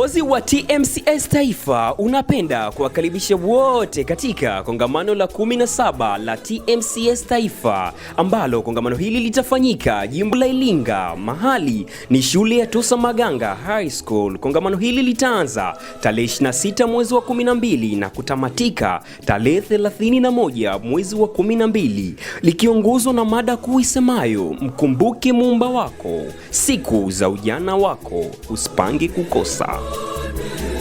Uongozi wa TMCS Taifa unapenda kuwakaribisha wote katika kongamano la 17 la TMCS Taifa ambalo kongamano hili litafanyika jimbo la Iringa, mahali ni shule ya Tosa Maganga High School. Kongamano hili litaanza tarehe 26 mwezi wa 12 na kutamatika tarehe 31 mwezi wa 12, likiongozwa na mada kuu isemayo mkumbuke muumba wako, siku za ujana wako usipange kukosa. Amor,